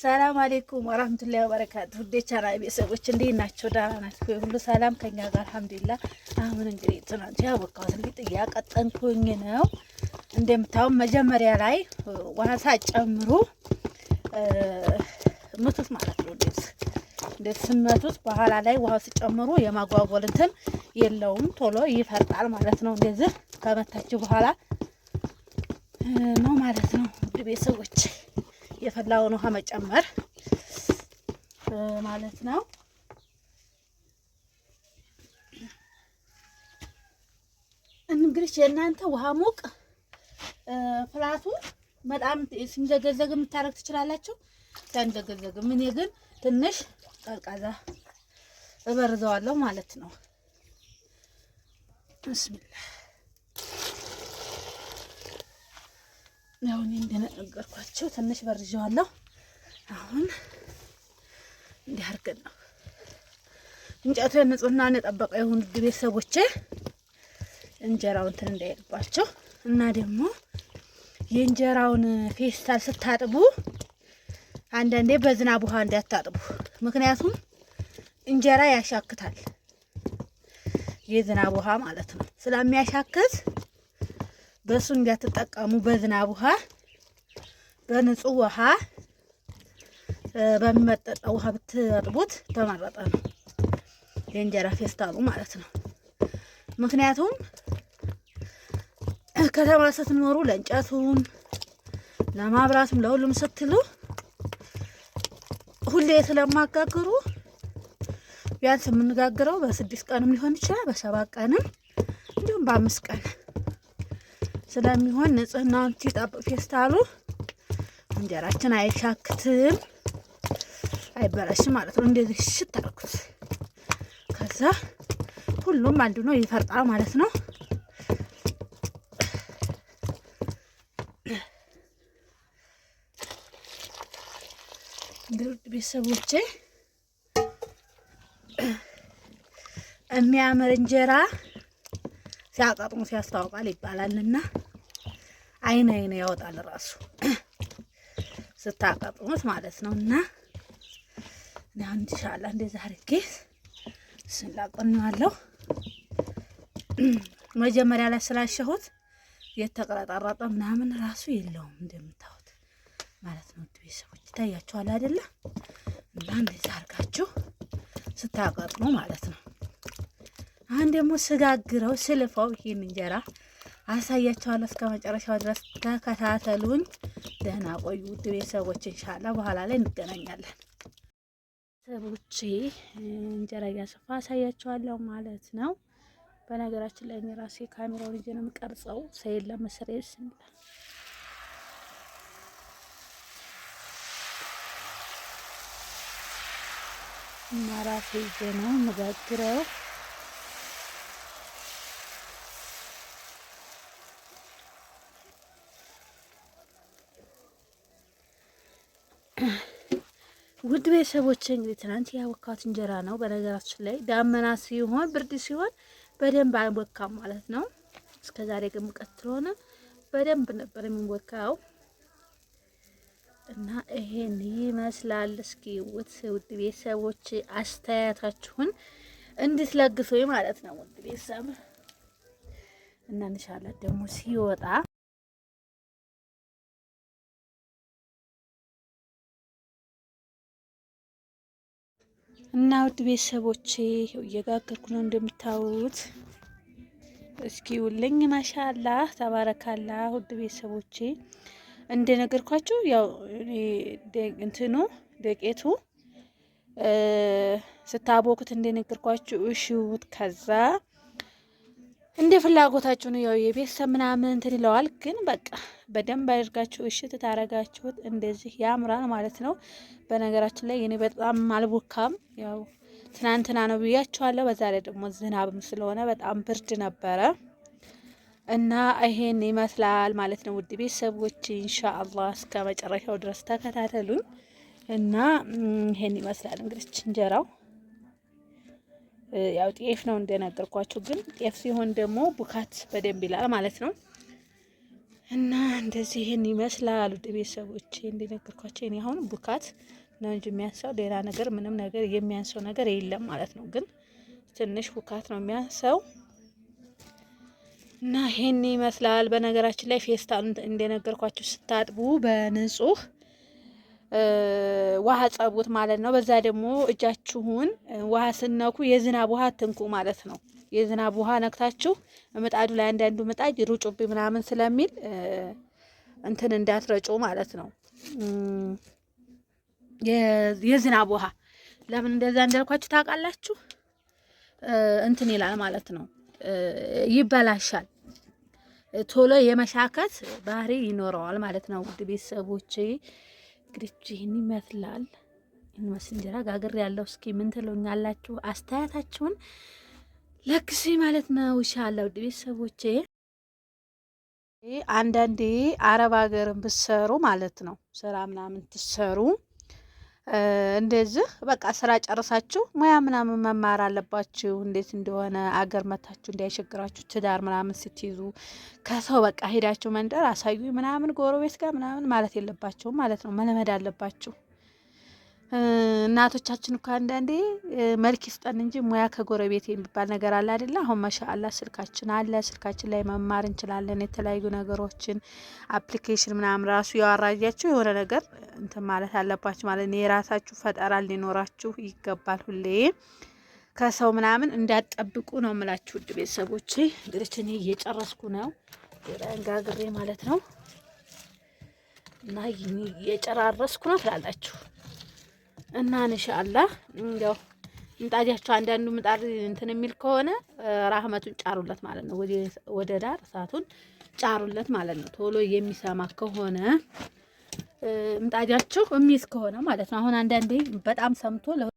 ሰላም አሌይኩም ወራህመቱላሂ ወበረካቱ። ውዴ ቻናል ቤተሰቦች እንዴት ናቸው? ደህና ናቸው ሁሉ ሰላም ከኛ ጋር አልሐምዱሊላህ። አሁን እንግዲህ ትናንት ያቦካሁት እንግዲህ እያቀጠንኩኝ ነው። እንደምታውም መጀመሪያ ላይ ውሃ ሳጨምሩ ምቱት ማለት ነው። እንዴት እንዴት ስመቱት በኋላ ላይ ውሃ ሲጨምሩ የማጓጎል እንትን የለውም ቶሎ ይፈርጣል ማለት ነው። እንደዚህ ከመታችሁ በኋላ ነው ማለት ነው ውድ ቤተሰቦች የፈላውን ውሃ መጨመር ማለት ነው። እንግዲህ የእናንተ ውሃ ሙቅ ፍላቱ በጣም ሲንዘገዘግ የምታደርግ ትችላላችሁ። ሲያንዘገዘግ እኔ ግን ትንሽ ቀዝቃዛ እበርዘዋለሁ ማለት ነው። ብስሚላህ ያው እኔ እንደነገርኳቸው ትንሽ በርዣዋለሁ። አሁን እንዲህ አድርገን ነው እንጨቱ ንጹህና የጠበቀ የሆኑ ቤተሰቦቼ እንጀራውን እንትን እንዳይልባቸው እና ደግሞ የእንጀራውን ፌስታል ስታጥቡ አንዳንዴ በዝናብ ውሃ እንዳታጥቡ። ምክንያቱም እንጀራ ያሻክታል፣ የዝናብ ውሃ ማለት ነው ስለሚያሻክት በሱ እንዳትጠቀሙ። በዝናብ ውሃ፣ በንጹህ ውሃ፣ በሚመጠጣ ውሃ ብትጥቡት ተመረጠ ነው። የእንጀራ ፌስታሉ ማለት ነው። ምክንያቱም ከተማ ስትኖሩ ለእንጨቱም ለማብራትም ለሁሉም ስትሉ ሁሌ ስለማጋግሩ ቢያንስ የምንጋግረው በስድስት ቀንም ሊሆን ይችላል፣ በሰባት ቀንም እንዲሁም በአምስት ቀን ስለሚሆን ንጽህናውን ሲጠብቅ ፌስታሉ እንጀራችን አይሻክትም፣ አይበላሽም ማለት ነው። እንደዚህ ሽት አልኩት። ከዛ ሁሉም አንዱ ነው ይፈርጣል ማለት ነው። ድርድ ቤተሰቦቼ የሚያምር እንጀራ ሲያጣጥሙ ሲያስታውቃል ይባላልና አይን አይን ያወጣል ራሱ ስታቀጥሙት ማለት ነው። እና አሁን ኢንሻአላ እንደዛ አድርጌ ስላቆነዋለሁ። መጀመሪያ ላይ ስላሸሁት የተቀረጣረጠ ምናምን ራሱ የለውም እንደምታዩት ማለት ነው። ድቤ ሰዎች ይታያችኋል አይደለ? እና እንደዛ አድርጋችሁ ስታቀጥሙ ማለት ነው። አሁን ደግሞ ስጋግረው ስልፈው ይህን እንጀራ አሳያቸዋለሁ። እስከ መጨረሻው ድረስ ተከታተሉኝ። ደህና ቆዩ ውድ ቤተሰቦች። እንሻላ በኋላ ላይ እንገናኛለን። ሰቦቼ እንጀራ እያሰፋ አሳያቸዋለሁ ማለት ነው። በነገራችን ላይ ራሴ ካሜራውን ይዤ ነው የምቀርጸው። ሰይድ ለመስሬት ስንላል እና ራሴ ይዤ ነው የምጋግረው ውድ ቤተሰቦች እንግዲህ ትናንት ያወካሁት እንጀራ ነው። በነገራችን ላይ ዳመና ሲሆን ብርድ ሲሆን በደንብ አይወካም ማለት ነው። እስከ ዛሬ ግን ሙቀት ስለሆነ በደንብ ነበር የሚወካው እና ይሄን ይመስላል። እስኪ ውት ውድ ቤተሰቦች አስተያየታችሁን እንድትለግሱኝ ማለት ነው። ውድ ቤተሰብ እና ደግሞ ሲወጣ እና ውድ ቤተሰቦቼ እየጋገርኩ ነው እንደምታዩት። እስኪ ውልኝ ማሻአላህ ተባረካላ። ውድ ቤተሰቦቼ እንደነገርኳችሁ ያው እንትኑ ደቄቱ ስታቦኩት እንደነገርኳችሁ እሺውት ከዛ እንደ ፍላጎታችሁ ነው። ያው የቤተሰብ ምናምን እንትን ይለዋል፣ ግን በቃ በደንብ አድርጋችሁ እሽት ታረጋችሁት እንደዚህ ያምራል ማለት ነው። በነገራችን ላይ እኔ በጣም አልቦካም። ያው ትናንትና ነው ብያችኋለሁ። ላይ ደግሞ ዝናብም ስለሆነ በጣም ብርድ ነበረ እና ይሄን ይመስላል ማለት ነው። ውድ ቤተሰቦች ኢንሻአላህ እስከ መጨረሻው ድረስ ተከታተሉኝ እና ይሄን ይመስላል እንግዲህ እንጀራው ያው ጤፍ ነው እንደነገርኳችሁ። ግን ጤፍ ሲሆን ደግሞ ቡካት በደንብ ይላል ማለት ነው። እና እንደዚህ ይህን ይመስላል ውድ ቤተሰቦቼ። እንደነገርኳቸው እኔ አሁን ቡካት ነው እንጂ የሚያንሰው ሌላ ነገር ምንም ነገር የሚያንሰው ነገር የለም ማለት ነው። ግን ትንሽ ቡካት ነው የሚያንሰው እና ይህን ይመስላል። በነገራችን ላይ ፌስታል እንደነገርኳችሁ ስታጥቡ በንጹህ ውሃ ጸቡት ማለት ነው። በዛ ደግሞ እጃችሁን ውሃ ስነኩ የዝናብ ውሃ ትንኩ ማለት ነው። የዝናብ ውሃ ነክታችሁ ምጣዱ ላይ አንዳንዱ ምጣድ ሩጩብ ምናምን ስለሚል እንትን እንዳትረጩ ማለት ነው። የዝናብ ውሃ ለምን እንደዛ እንዳልኳችሁ ታውቃላችሁ። እንትን ይላል ማለት ነው። ይበላሻል፣ ቶሎ የመሻከት ባህሪ ይኖረዋል ማለት ነው። ውድ ቤተሰቦቼ እንግዲህ ይህን ይመስላል። እንመስ እንጀራ ጋግር ያለው እስኪ ምን ትሉኛላችሁ? አስተያየታችሁን ለክሲ ማለት ነው። ይሻላል ውድ ቤተሰቦቼ፣ አንዳንዴ አረብ ሀገርን ብትሰሩ ማለት ነው ስራ ምናምን ትሰሩ እንደዚህ በቃ ስራ ጨርሳችሁ ሙያ ምናምን መማር አለባችሁ። እንዴት እንደሆነ አገር መታችሁ እንዳይቸግራችሁ ትዳር ምናምን ስትይዙ ከሰው በቃ ሄዳችሁ መንደር አሳዩ ምናምን ጎረቤት ጋር ምናምን ማለት የለባችሁም ማለት ነው። መለመድ አለባችሁ። እናቶቻችን እኮ አንዳንዴ መልክ ይስጠን እንጂ ሙያ ከጎረቤት የሚባል ነገር አለ አይደለ? አሁን ማሻአላ ስልካችን አለ። ስልካችን ላይ መማር እንችላለን የተለያዩ ነገሮችን አፕሊኬሽን ምናም ራሱ ያወራጃችሁ የሆነ ነገር እንትን ማለት አለባችሁ ማለት ነው። የራሳችሁ ፈጠራ ሊኖራችሁ ይገባል። ሁሌ ከሰው ምናምን እንዳትጠብቁ ነው የምላችሁ። ውድ ቤተሰቦች። እንግዲህ እኔ እየጨረስኩ ነው ጋግሬ ማለት ነው እና እየጨራረስኩ ነው ትላላችሁ እና እንሻአላህ እንዲያው ምጣጃቸው አንዳንዱ ምጣድ እንትን የሚል ከሆነ ራህመቱን ጫሩለት ማለት ነው። ወደ ዳር እሳቱን ጫሩለት ማለት ነው። ቶሎ የሚሰማ ከሆነ ምጣጃችሁ የሚይዝ ከሆነ ማለት ነው። አሁን አንዳንዴ በጣም ሰምቶ